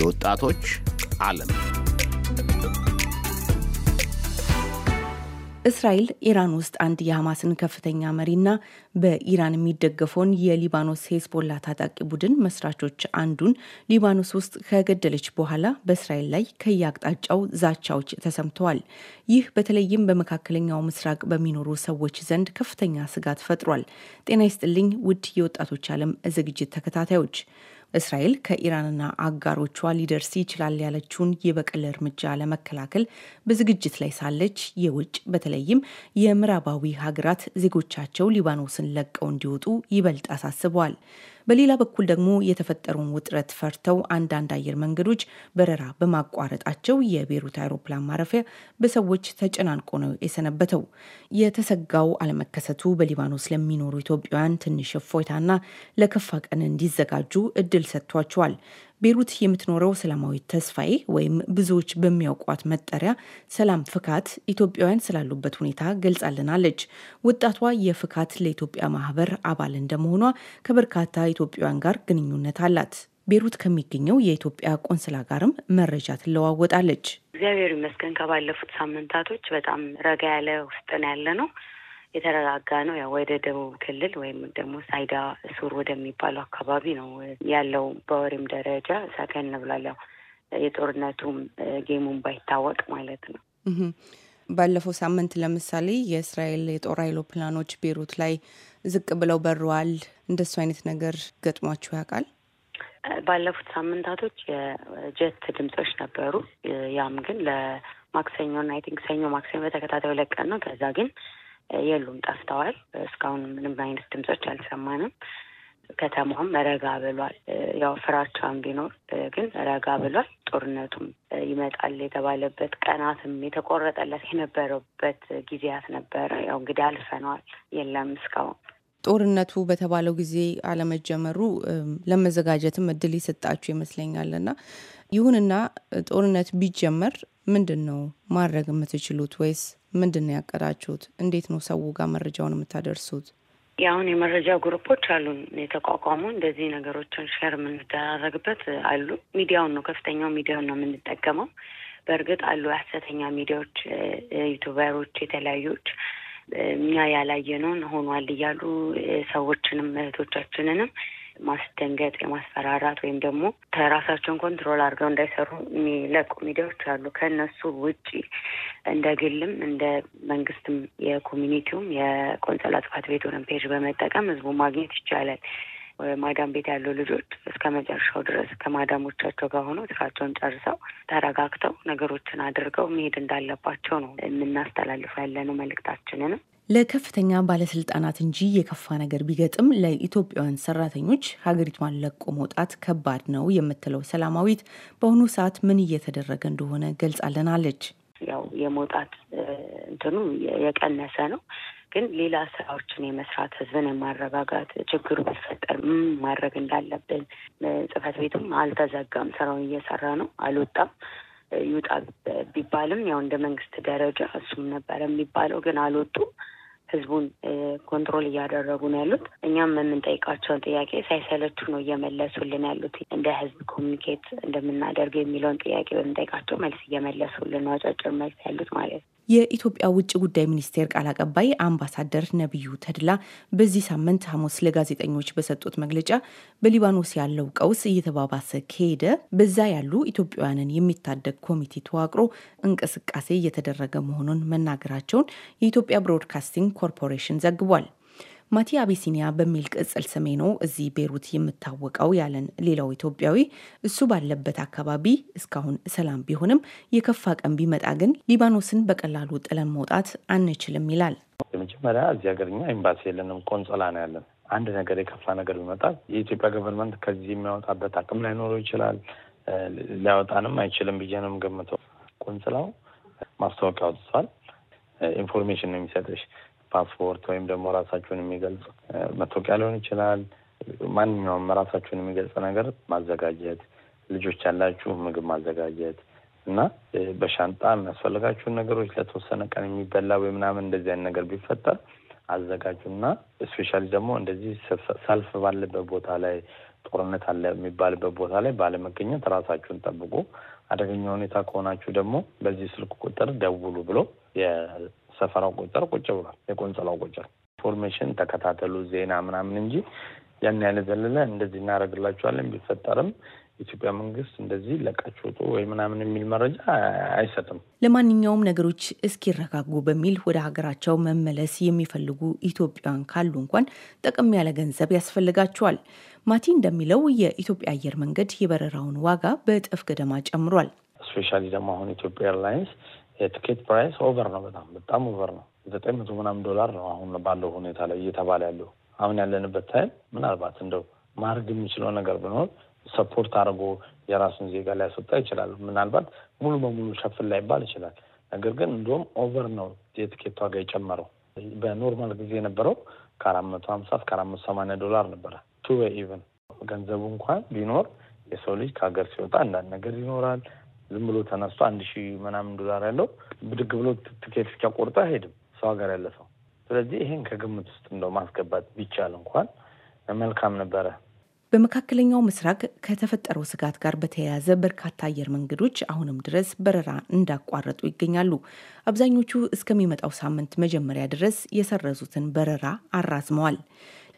የወጣቶች ዓለም እስራኤል ኢራን ውስጥ አንድ የሐማስን ከፍተኛ መሪና በኢራን የሚደገፈውን የሊባኖስ ሄዝቦላ ታጣቂ ቡድን መስራቾች አንዱን ሊባኖስ ውስጥ ከገደለች በኋላ በእስራኤል ላይ ከየአቅጣጫው ዛቻዎች ተሰምተዋል። ይህ በተለይም በመካከለኛው ምስራቅ በሚኖሩ ሰዎች ዘንድ ከፍተኛ ስጋት ፈጥሯል። ጤና ይስጥልኝ ውድ የወጣቶች ዓለም ዝግጅት ተከታታዮች እስራኤል ከኢራንና አጋሮቿ ሊደርስ ይችላል ያለችውን የበቀል እርምጃ ለመከላከል በዝግጅት ላይ ሳለች የውጭ በተለይም የምዕራባዊ ሀገራት ዜጎቻቸው ሊባኖስን ለቀው እንዲወጡ ይበልጥ አሳስበዋል። በሌላ በኩል ደግሞ የተፈጠረውን ውጥረት ፈርተው አንዳንድ አየር መንገዶች በረራ በማቋረጣቸው የቤሩት አውሮፕላን ማረፊያ በሰዎች ተጨናንቆ ነው የሰነበተው። የተሰጋው አለመከሰቱ በሊባኖስ ለሚኖሩ ኢትዮጵያውያን ትንሽ እፎይታና ለከፋ ቀን እንዲዘጋጁ እድል ሰጥቷቸዋል። ቤሩት የምትኖረው ሰላማዊት ተስፋዬ ወይም ብዙዎች በሚያውቋት መጠሪያ ሰላም ፍካት ኢትዮጵያውያን ስላሉበት ሁኔታ ገልጻልናለች። ወጣቷ የፍካት ለኢትዮጵያ ማህበር አባል እንደመሆኗ ከበርካታ ኢትዮጵያውያን ጋር ግንኙነት አላት። ቤሩት ከሚገኘው የኢትዮጵያ ቆንስላ ጋርም መረጃ ትለዋወጣለች። እግዚአብሔር ይመስገን ከባለፉት ሳምንታቶች በጣም ረጋ ያለ ውስጥ ነው ያለ ነው። የተረጋጋ ነው። ያው ወደ ደቡብ ክልል ወይም ደግሞ ሳይዳ ሱር ወደሚባለው አካባቢ ነው ያለው። በወሬም ደረጃ ሰከን ብሏል። ያው የጦርነቱም ጌሙን ባይታወቅ ማለት ነው። ባለፈው ሳምንት ለምሳሌ የእስራኤል የጦር አይሮፕላኖች ቤሩት ላይ ዝቅ ብለው በረዋል። እንደሱ አይነት ነገር ገጥሟችሁ ያውቃል? ባለፉት ሳምንታቶች የጀት ድምጾች ነበሩ። ያም ግን ለማክሰኞና አይ ቲንክ ሰኞ ማክሰኞ በተከታታይ ለቀን ነው። ከዛ ግን የሉም፣ ጠፍተዋል። እስካሁን ምንም አይነት ድምጾች አልሰማንም። ከተማም ረጋ ብሏል። ያው ፍራቻም ቢኖር ግን ረጋ ብሏል። ጦርነቱም ይመጣል የተባለበት ቀናትም የተቆረጠለት የነበረበት ጊዜያት ነበረ። ያው እንግዲህ አልፈነዋል። የለም እስካሁን ጦርነቱ በተባለው ጊዜ አለመጀመሩ ለመዘጋጀትም እድል ይሰጣችሁ ይመስለኛል እና ይሁንና ጦርነት ቢጀመር ምንድን ነው ማድረግ የምትችሉት ወይስ ምንድን ነው ያቀዳችሁት? እንዴት ነው ሰው ጋር መረጃውን የምታደርሱት? የአሁን የመረጃ ግሩፖች አሉን የተቋቋሙ እንደዚህ ነገሮችን ሼር የምንደራረግበት አሉ። ሚዲያውን ነው ከፍተኛው ሚዲያውን ነው የምንጠቀመው። በእርግጥ አሉ ሀሰተኛ ሚዲያዎች፣ ዩቱበሮች፣ የተለያዩዎች እኛ ያላየነውን ሆኗል እያሉ ሰዎችንም እህቶቻችንንም ማስደንገጥ የማስፈራራት ወይም ደግሞ ከራሳቸውን ኮንትሮል አድርገው እንዳይሰሩ የሚለቁ ሚዲያዎች አሉ። ከእነሱ ውጪ እንደ ግልም እንደ መንግስትም የኮሚኒቲውም የቆንጸላ ጽሕፈት ቤቱንም ፔጅ በመጠቀም ህዝቡ ማግኘት ይቻላል። ማዳም ቤት ያሉ ልጆች እስከ መጨረሻው ድረስ ከማዳሞቻቸው ጋር ሆነው ስራቸውን ጨርሰው ተረጋግተው ነገሮችን አድርገው መሄድ እንዳለባቸው ነው የምናስተላልፈው ያለነው መልእክታችንንም ለከፍተኛ ባለስልጣናት እንጂ የከፋ ነገር ቢገጥም ለኢትዮጵያውያን ሰራተኞች ሀገሪቷን ለቆ መውጣት ከባድ ነው የምትለው ሰላማዊት በአሁኑ ሰዓት ምን እየተደረገ እንደሆነ ገልጻለናለች። ያው የመውጣት እንትኑ የቀነሰ ነው፣ ግን ሌላ ስራዎችን የመስራት ህዝብን የማረጋጋት ችግሩ ቢፈጠር ምን ማድረግ እንዳለብን ጽህፈት ቤቱም አልተዘጋም፣ ስራውን እየሰራ ነው፣ አልወጣም ይውጣ ቢባልም ያው እንደ መንግስት ደረጃ እሱም ነበረ የሚባለው ግን አልወጡም። ህዝቡን ኮንትሮል እያደረጉ ነው ያሉት። እኛም የምንጠይቃቸውን ጥያቄ ሳይሰለቹ ነው እየመለሱልን ያሉት። እንደ ህዝብ ኮሚኒኬት እንደምናደርገው የሚለውን ጥያቄ በምንጠይቃቸው መልስ እየመለሱልን ነው፣ አጫጭር መልስ ያሉት ማለት ነው። የኢትዮጵያ ውጭ ጉዳይ ሚኒስቴር ቃል አቀባይ አምባሳደር ነቢዩ ተድላ በዚህ ሳምንት ሐሙስ ለጋዜጠኞች በሰጡት መግለጫ በሊባኖስ ያለው ቀውስ እየተባባሰ ከሄደ በዛ ያሉ ኢትዮጵያውያንን የሚታደግ ኮሚቴ ተዋቅሮ እንቅስቃሴ እየተደረገ መሆኑን መናገራቸውን የኢትዮጵያ ብሮድካስቲንግ ኮርፖሬሽን ዘግቧል። ማቲ አቢሲኒያ በሚል ቅጽል ስሜ ነው እዚህ ቤሩት የምታወቀው ያለን ሌላው ኢትዮጵያዊ፣ እሱ ባለበት አካባቢ እስካሁን ሰላም ቢሆንም የከፋ ቀን ቢመጣ ግን ሊባኖስን በቀላሉ ጥለን መውጣት አንችልም ይላል። መጀመሪያ እዚህ ሀገርኛ ኤምባሲ የለንም፣ ቆንጽላ ነው ያለን። አንድ ነገር የከፋ ነገር ቢመጣ የኢትዮጵያ ገቨርንመንት ከዚህ የሚያወጣበት አቅም ላይኖረው ይችላል። ሊያወጣንም አይችልም ብዬ ነው ገምተው ቆንጽላው ማስታወቂያ አውጥቷል። ኢንፎርሜሽን ነው የሚሰጥሽ ፓስፖርት ወይም ደግሞ ራሳቸውን የሚገልጽ መታወቂያ ሊሆን ይችላል። ማንኛውም ራሳቸውን የሚገልጽ ነገር ማዘጋጀት፣ ልጆች ያላችሁ ምግብ ማዘጋጀት እና በሻንጣ የሚያስፈልጋችሁን ነገሮች ለተወሰነ ቀን የሚበላ ወይ ምናምን እንደዚህ አይነት ነገር ቢፈጠር አዘጋጁና ስፔሻሊ ደግሞ እንደዚህ ሰልፍ ባለበት ቦታ ላይ ጦርነት አለ የሚባልበት ቦታ ላይ ባለመገኘት ራሳችሁን ጠብቁ። አደገኛ ሁኔታ ከሆናችሁ ደግሞ በዚህ ስልክ ቁጥር ደውሉ ብሎ ሰፈራው ቆጠር ቁጭ ብሏል። የቆንጽላው ቁጭር ኢንፎርሜሽን ተከታተሉ፣ ዜና ምናምን እንጂ ያን ያለ ዘለለ እንደዚህ እናደርግላቸዋለን ቢፈጠርም የኢትዮጵያ መንግስት እንደዚህ ለቃችሁ ውጡ ወይ ምናምን የሚል መረጃ አይሰጥም። ለማንኛውም ነገሮች እስኪረጋጉ በሚል ወደ ሀገራቸው መመለስ የሚፈልጉ ኢትዮጵያውያን ካሉ እንኳን ጠቅም ያለ ገንዘብ ያስፈልጋቸዋል። ማቲ እንደሚለው የኢትዮጵያ አየር መንገድ የበረራውን ዋጋ በእጥፍ ገደማ ጨምሯል። ስፔሻሊ ደግሞ አሁን ኢትዮጵያ ኤርላይንስ የትኬት ፕራይስ ኦቨር ነው፣ በጣም በጣም ኦቨር ነው። ዘጠኝ መቶ ምናምን ዶላር ነው አሁን ባለው ሁኔታ ላይ እየተባለ ያለው። አሁን ያለንበት ታይም ምናልባት እንደው ማድረግ የሚችለው ነገር ብንሆን ሰፖርት አድርጎ የራሱን ዜጋ ሊያስወጣ ይችላል። ምናልባት ሙሉ በሙሉ ሸፍን ላይባል ይችላል። ነገር ግን እንዲሁም ኦቨር ነው የትኬት ዋጋ የጨመረው። በኖርማል ጊዜ የነበረው ከአራት መቶ ሀምሳ እስከ አራት መቶ ሰማንያ ዶላር ነበረ ቱ ኢቨን ገንዘቡ እንኳን ቢኖር የሰው ልጅ ከሀገር ሲወጣ አንዳንድ ነገር ይኖራል ዝም ብሎ ተነስቶ አንድ ሺህ ምናምን ዶላር ያለው ብድግ ብሎ ትኬት ብቻ ቆርጦ አይሄድም ሰው ሀገር ያለ ሰው። ስለዚህ ይሄን ከግምት ውስጥ እንደው ማስገባት ቢቻል እንኳን መልካም ነበረ። በመካከለኛው ምስራቅ ከተፈጠረው ስጋት ጋር በተያያዘ በርካታ አየር መንገዶች አሁንም ድረስ በረራ እንዳቋረጡ ይገኛሉ። አብዛኞቹ እስከሚመጣው ሳምንት መጀመሪያ ድረስ የሰረዙትን በረራ አራዝመዋል።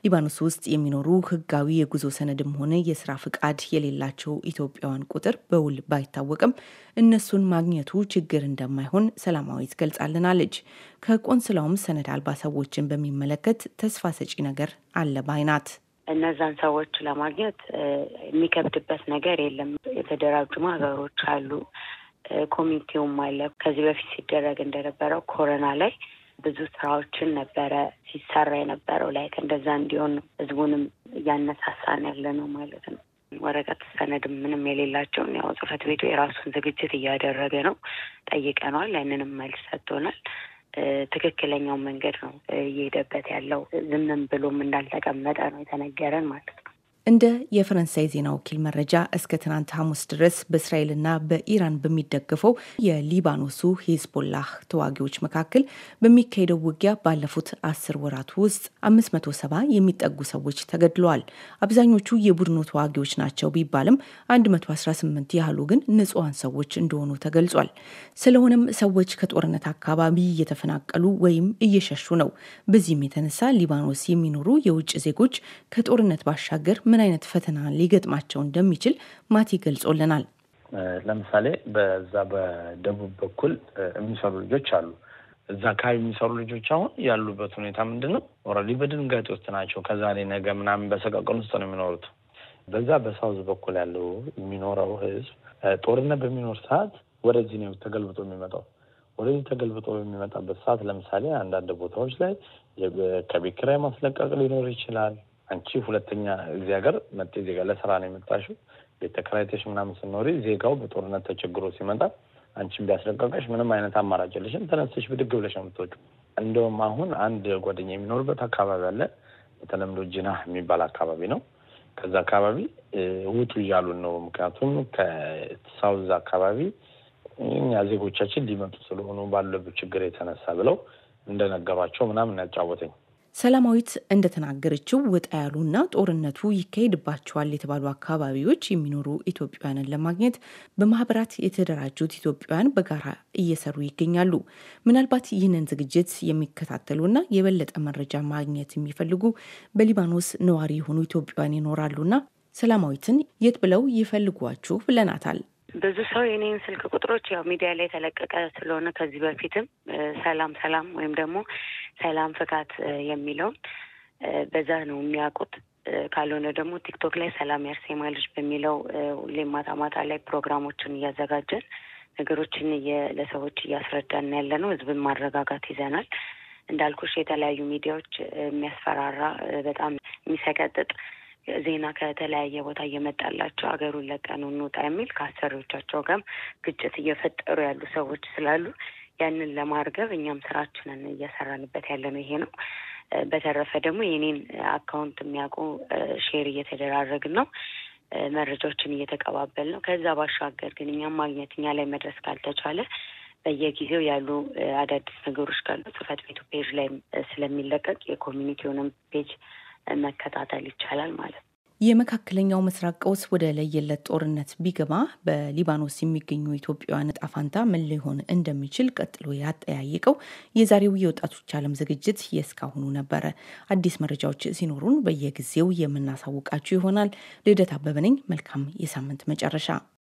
ሊባኖስ ውስጥ የሚኖሩ ህጋዊ የጉዞ ሰነድም ሆነ የስራ ፍቃድ የሌላቸው ኢትዮጵያውያን ቁጥር በውል ባይታወቅም እነሱን ማግኘቱ ችግር እንደማይሆን ሰላማዊ ትገልጻልናለች። ከቆንስላውም ሰነድ አልባ ሰዎችን በሚመለከት ተስፋ ሰጪ ነገር አለ ባይ ናት። እነዛን ሰዎች ለማግኘት የሚከብድበት ነገር የለም። የተደራጁ ሀገሮች አሉ። ኮሚቴውም አለ። ከዚህ በፊት ሲደረግ እንደነበረው ኮረና ላይ ብዙ ስራዎችን ነበረ ሲሰራ የነበረው ላይ እንደዛ እንዲሆን ህዝቡንም እያነሳሳን ያለ ነው ማለት ነው። ወረቀት ሰነድ ምንም የሌላቸውን ያው ጽህፈት ቤቱ የራሱን ዝግጅት እያደረገ ነው። ጠይቀነዋል። ያንንም መልስ ሰጥቶናል። ትክክለኛው መንገድ ነው እየሄደበት ያለው። ዝምም ብሎም እንዳልተቀመጠ ነው የተነገረን ማለት ነው። እንደ የፈረንሳይ ዜና ወኪል መረጃ እስከ ትናንት ሐሙስ ድረስ በእስራኤልና በኢራን በሚደገፈው የሊባኖሱ ሂዝቦላህ ተዋጊዎች መካከል በሚካሄደው ውጊያ ባለፉት አስር ወራት ውስጥ 570 የሚጠጉ ሰዎች ተገድለዋል። አብዛኞቹ የቡድኑ ተዋጊዎች ናቸው ቢባልም 118 ያህሉ ግን ንጹሐን ሰዎች እንደሆኑ ተገልጿል። ስለሆነም ሰዎች ከጦርነት አካባቢ እየተፈናቀሉ ወይም እየሸሹ ነው። በዚህም የተነሳ ሊባኖስ የሚኖሩ የውጭ ዜጎች ከጦርነት ባሻገር ምን አይነት ፈተና ሊገጥማቸው እንደሚችል ማቲ ገልጾልናል። ለምሳሌ በዛ በደቡብ በኩል የሚሰሩ ልጆች አሉ። እዛ አካባቢ የሚሰሩ ልጆች አሁን ያሉበት ሁኔታ ምንድን ነው? ኦልሬዲ በድንጋጤ ውስጥ ናቸው። ከዛሬ ነገ ምናምን በሰቀቀን ውስጥ ነው የሚኖሩት። በዛ በሳውዝ በኩል ያለው የሚኖረው ህዝብ ጦርነት በሚኖር ሰዓት ወደዚህ ነው ተገልብጦ የሚመጣው። ወደዚህ ተገልብጦ በሚመጣበት ሰዓት ለምሳሌ አንዳንድ ቦታዎች ላይ ከቤት ኪራይ ማስለቀቅ ሊኖር ይችላል። አንቺ ሁለተኛ እዚህ ሀገር መጤ ዜጋ ለስራ ነው የመጣሽው ቤት ተከራይተሽ ምናምን ስኖሪ ዜጋው በጦርነት ተቸግሮ ሲመጣ አንቺን ቢያስለቀቀሽ ምንም አይነት አማራጭ የለሽም። ተነስተሽ ብድግ ብለሽ ነው የምትወጪው። እንደውም አሁን አንድ ጓደኛ የሚኖርበት አካባቢ አለ። በተለምዶ ጅና የሚባል አካባቢ ነው። ከዛ አካባቢ ውጡ እያሉን ነው። ምክንያቱም ከሳውዝ አካባቢ እኛ ዜጎቻችን ሊመጡ ስለሆኑ ባለብ ችግር የተነሳ ብለው እንደነገሯቸው ምናምን ያጫወተኝ ሰላማዊት እንደተናገረችው ወጣ ያሉና ጦርነቱ ይካሄድባቸዋል የተባሉ አካባቢዎች የሚኖሩ ኢትዮጵያውያንን ለማግኘት በማህበራት የተደራጁት ኢትዮጵያውያን በጋራ እየሰሩ ይገኛሉ። ምናልባት ይህንን ዝግጅት የሚከታተሉና የበለጠ መረጃ ማግኘት የሚፈልጉ በሊባኖስ ነዋሪ የሆኑ ኢትዮጵያውያን ይኖራሉና ሰላማዊትን የት ብለው ይፈልጓችሁ ብለናታል። ብዙ ሰው የኔን ስልክ ቁጥሮች ያው ሚዲያ ላይ የተለቀቀ ስለሆነ ከዚህ በፊትም ሰላም ሰላም ወይም ደግሞ ሰላም ፍካት የሚለውን በዛ ነው የሚያውቁት። ካልሆነ ደግሞ ቲክቶክ ላይ ሰላም ያርሴማ ልጅ በሚለው ሁሌም ማታ ማታ ላይ ፕሮግራሞችን እያዘጋጀን ነገሮችን ለሰዎች እያስረዳን ያለ ነው። ህዝብን ማረጋጋት ይዘናል። እንዳልኩሽ የተለያዩ ሚዲያዎች የሚያስፈራራ በጣም የሚሰቀጥጥ ዜና ከተለያየ ቦታ እየመጣላቸው አገሩን ለቀን እንውጣ የሚል ከአሰሪዎቻቸው ጋርም ግጭት እየፈጠሩ ያሉ ሰዎች ስላሉ ያንን ለማርገብ እኛም ስራችንን እየሰራንበት ያለ ነው ይሄ ነው። በተረፈ ደግሞ የኔን አካውንት የሚያውቁ ሼር እየተደራረግን ነው መረጃዎችን እየተቀባበል ነው። ከዛ ባሻገር ግን እኛም ማግኘት እኛ ላይ መድረስ ካልተቻለ በየጊዜው ያሉ አዳዲስ ነገሮች ካሉ ጽህፈት ቤቱ ፔጅ ላይ ስለሚለቀቅ የኮሚኒቲውንም ፔጅ መከታተል ይቻላል ማለት ነው። የመካከለኛው ምስራቅ ቀውስ ወደ ለየለት ጦርነት ቢገባ በሊባኖስ የሚገኙ ኢትዮጵያውያን እጣ ፈንታ ምን ሊሆን እንደሚችል ቀጥሎ ያጠያይቀው የዛሬው የወጣቶች ዓለም ዝግጅት የእስካሁኑ ነበረ። አዲስ መረጃዎች ሲኖሩን በየጊዜው የምናሳውቃችሁ ይሆናል። ልደት አበበ ነኝ። መልካም የሳምንት መጨረሻ